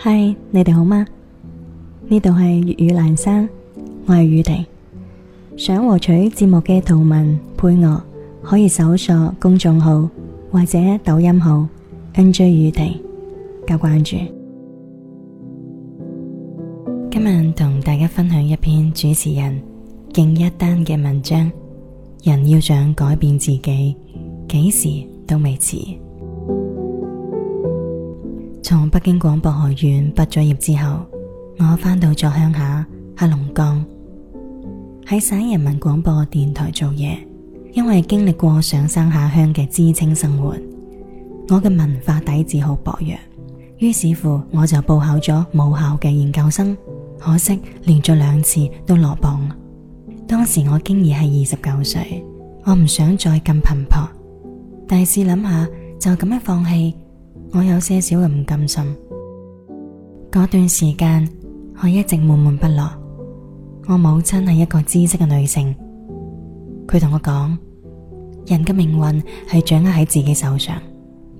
嗨，Hi, 你哋好嗎？呢度係粵語蘭山，我係宇婷。想獲取節目嘅圖文配樂，可以搜索公眾號或者抖音號 NJ 宇婷。加關注。今晚同大家分享一篇主持人敬一丹嘅文章。人要想改變自己，幾時都未遲。從北京廣播學院畢咗業之後，我翻到咗鄉下，黑龍江，喺省人民廣播電台做嘢。因為經歷過上山下鄉嘅知青生活，我嘅文化底子好薄弱，於是乎我就報考咗母校嘅研究生，可惜連續兩次都落榜。當時我經已係二十九歲，我唔想再咁頻撲，但試諗下就咁樣放棄。我有些少嘅唔甘心，嗰段時間我一直悶悶不樂。我母親係一個知識嘅女性，佢同我講：人嘅命運係掌握喺自己手上，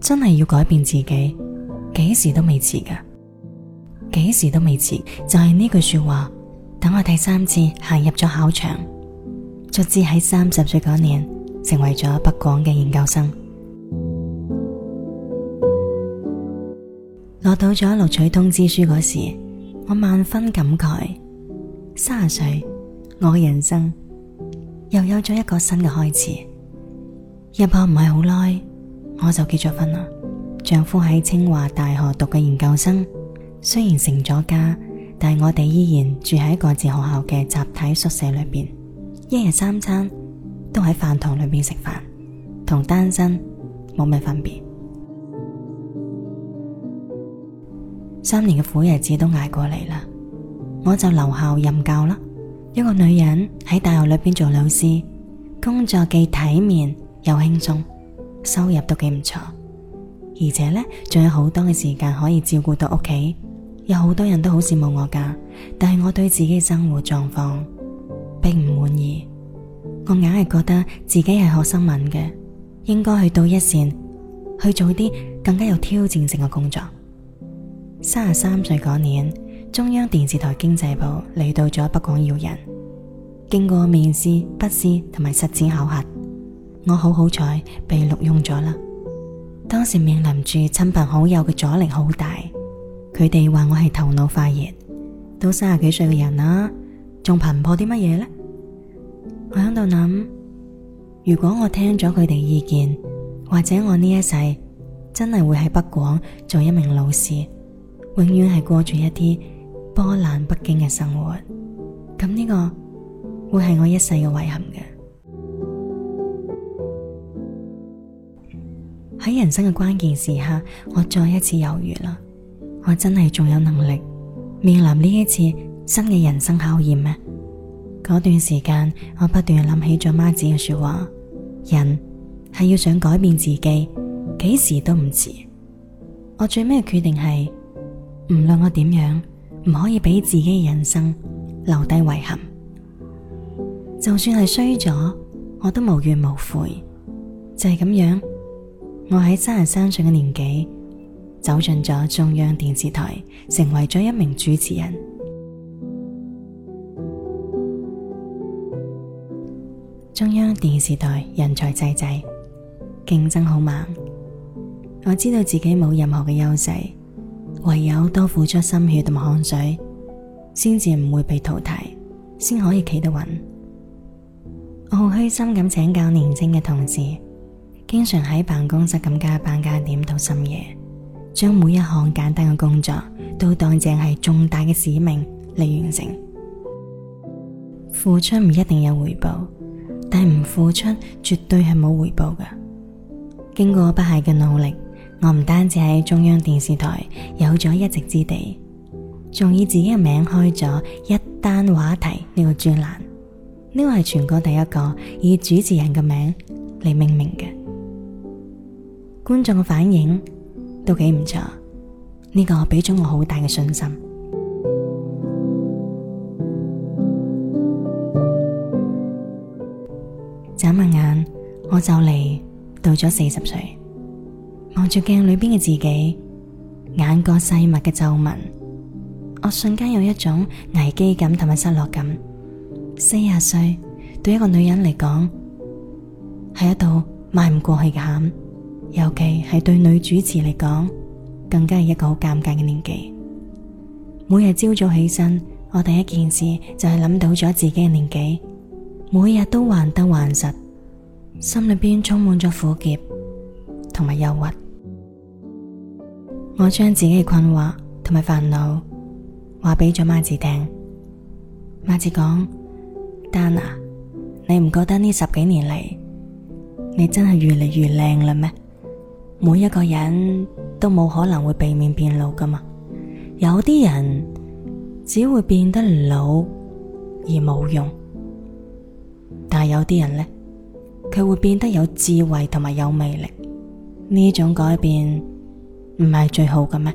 真係要改變自己，幾時都未遲噶。幾時都未遲，就係呢句說話。等我第三次行入咗考場，卒之喺三十歲嗰年，成為咗北廣嘅研究生。攞到咗錄取通知書嗰時，我萬分感慨。三十歲，我嘅人生又有咗一個新嘅開始。入學唔係好耐，我就結咗婚啦。丈夫喺清華大學讀嘅研究生，雖然成咗家，但係我哋依然住喺各自學校嘅集體宿舍裏邊，一日三餐都喺飯堂裏邊食飯，同單身冇咩分別。三年嘅苦日子都挨過嚟啦，我就留校任教啦。一個女人喺大學裏邊做老師，工作既體面又輕鬆，收入都幾唔錯，而且呢，仲有好多嘅時間可以照顧到屋企。有好多人都好羨慕我噶，但係我對自己嘅生活狀況並唔滿意。我硬係覺得自己係學新聞嘅，應該去到一線去做啲更加有挑戰性嘅工作。三十三歲嗰年，中央電視台經濟部嚟到咗北廣要人，經過面試、筆試同埋實踐考核，我好好彩被錄用咗啦。當時面臨住親朋好友嘅阻力好大，佢哋話我係頭腦發熱，都三十幾歲嘅人啦，仲頻撲啲乜嘢呢？我喺度諗，如果我聽咗佢哋意見，或者我呢一世真係會喺北廣做一名老師。永遠係過住一啲波瀾不驚嘅生活，咁呢個會係我一世嘅遺憾嘅。喺 人生嘅關鍵時刻，我再一次猶豫啦。我真係仲有能力面臨呢一次新嘅人生考驗咩？嗰段時間，我不斷諗起咗媽子嘅說話：人係要想改變自己，幾時都唔遲。我最尾嘅決定係。唔論我點樣，唔可以俾自己嘅人生留低遺憾。就算係衰咗，我都無怨無悔。就係咁樣，我喺三十三歲嘅年紀，走進咗中央電視台，成為咗一名主持人。中央電視台人才濟濟，競爭好猛。我知道自己冇任何嘅優勢。唯有多付出心血同汗水，先至唔會被淘汰，先可以企得穩。我好虛心咁請教年青嘅同事，經常喺辦公室咁加班加點到深夜，將每一項簡單嘅工作都當正係重大嘅使命嚟完成。付出唔一定有回報，但係唔付出絕對係冇回報噶。經過不懈嘅努力。我唔單止喺中央電視台有咗一席之地，仲以自己嘅名開咗一丹話題呢個專欄，呢個係全國第一個以主持人嘅名嚟命名嘅。觀眾嘅反應都幾唔錯，呢個俾咗我好大嘅信心。眨下眼，我就嚟到咗四十歲。望住鏡裏邊嘅自己，眼角細密嘅皺紋，我瞬間有一種危機感同埋失落感。四十歲對一個女人嚟講，係一道邁唔過去嘅坎，尤其係對女主持嚟講，更加係一個好尷尬嘅年紀。每日朝早起身，我第一件事就係諗到咗自己嘅年紀，每日都患得患失，心裏邊充滿咗苦澀同埋憂鬱。我將自己嘅困惑同埋煩惱話俾咗媽子聽，媽子講：丹娜，你唔覺得呢十幾年嚟，你真係越嚟越靚啦咩？每一個人都冇可能會避免變老噶嘛，有啲人只會變得老而冇用，但係有啲人呢，佢會變得有智慧同埋有魅力，呢種改變。唔係最好嘅咩？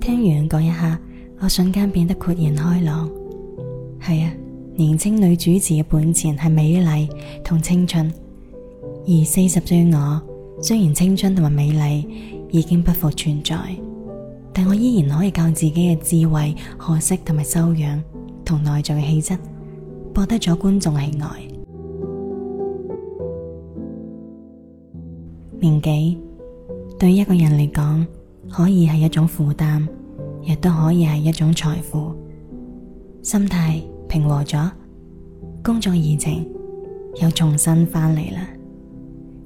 聽完講一下，我瞬間變得豁然開朗。係啊，年輕女主持嘅本錢係美麗同青春，而四十歲我雖然青春同埋美麗已經不復存在，但我依然可以靠自己嘅智慧、學識同埋修養同內在嘅氣質，博得咗觀眾喜愛。年紀。對一個人嚟講，可以係一種負擔，亦都可以係一種財富。心態平和咗，工作熱情又重新翻嚟啦。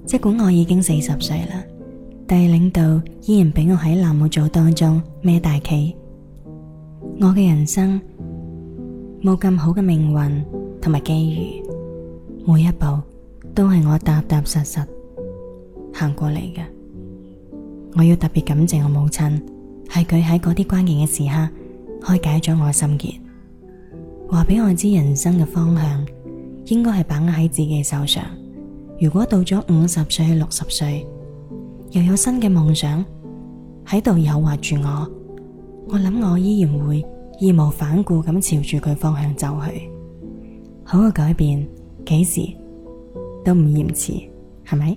盡管我已經四十歲啦，但係領導依然俾我喺欄目組當中孭大旗。我嘅人生冇咁好嘅命運同埋機遇，每一步都係我踏踏實實行過嚟嘅。我要特別感謝我母親，係佢喺嗰啲關鍵嘅時刻開解咗我嘅心結，話俾我知人生嘅方向應該係把握喺自己手上。如果到咗五十歲、六十歲，又有新嘅夢想喺度誘惑住我，我諗我依然會義無反顧咁朝住佢方向走去。好嘅改變，幾時都唔嫌遲，係咪？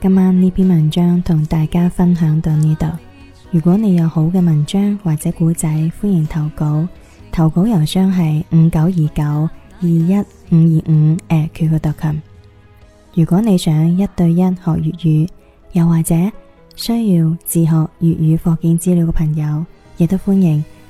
今晚呢篇文章同大家分享到呢度。如果你有好嘅文章或者古仔，歡迎投稿。投稿郵箱係五九二九二一五二五誒，qq.com。如果你想一對一學粵語，又或者需要自學粵語課件資料嘅朋友，亦都歡迎。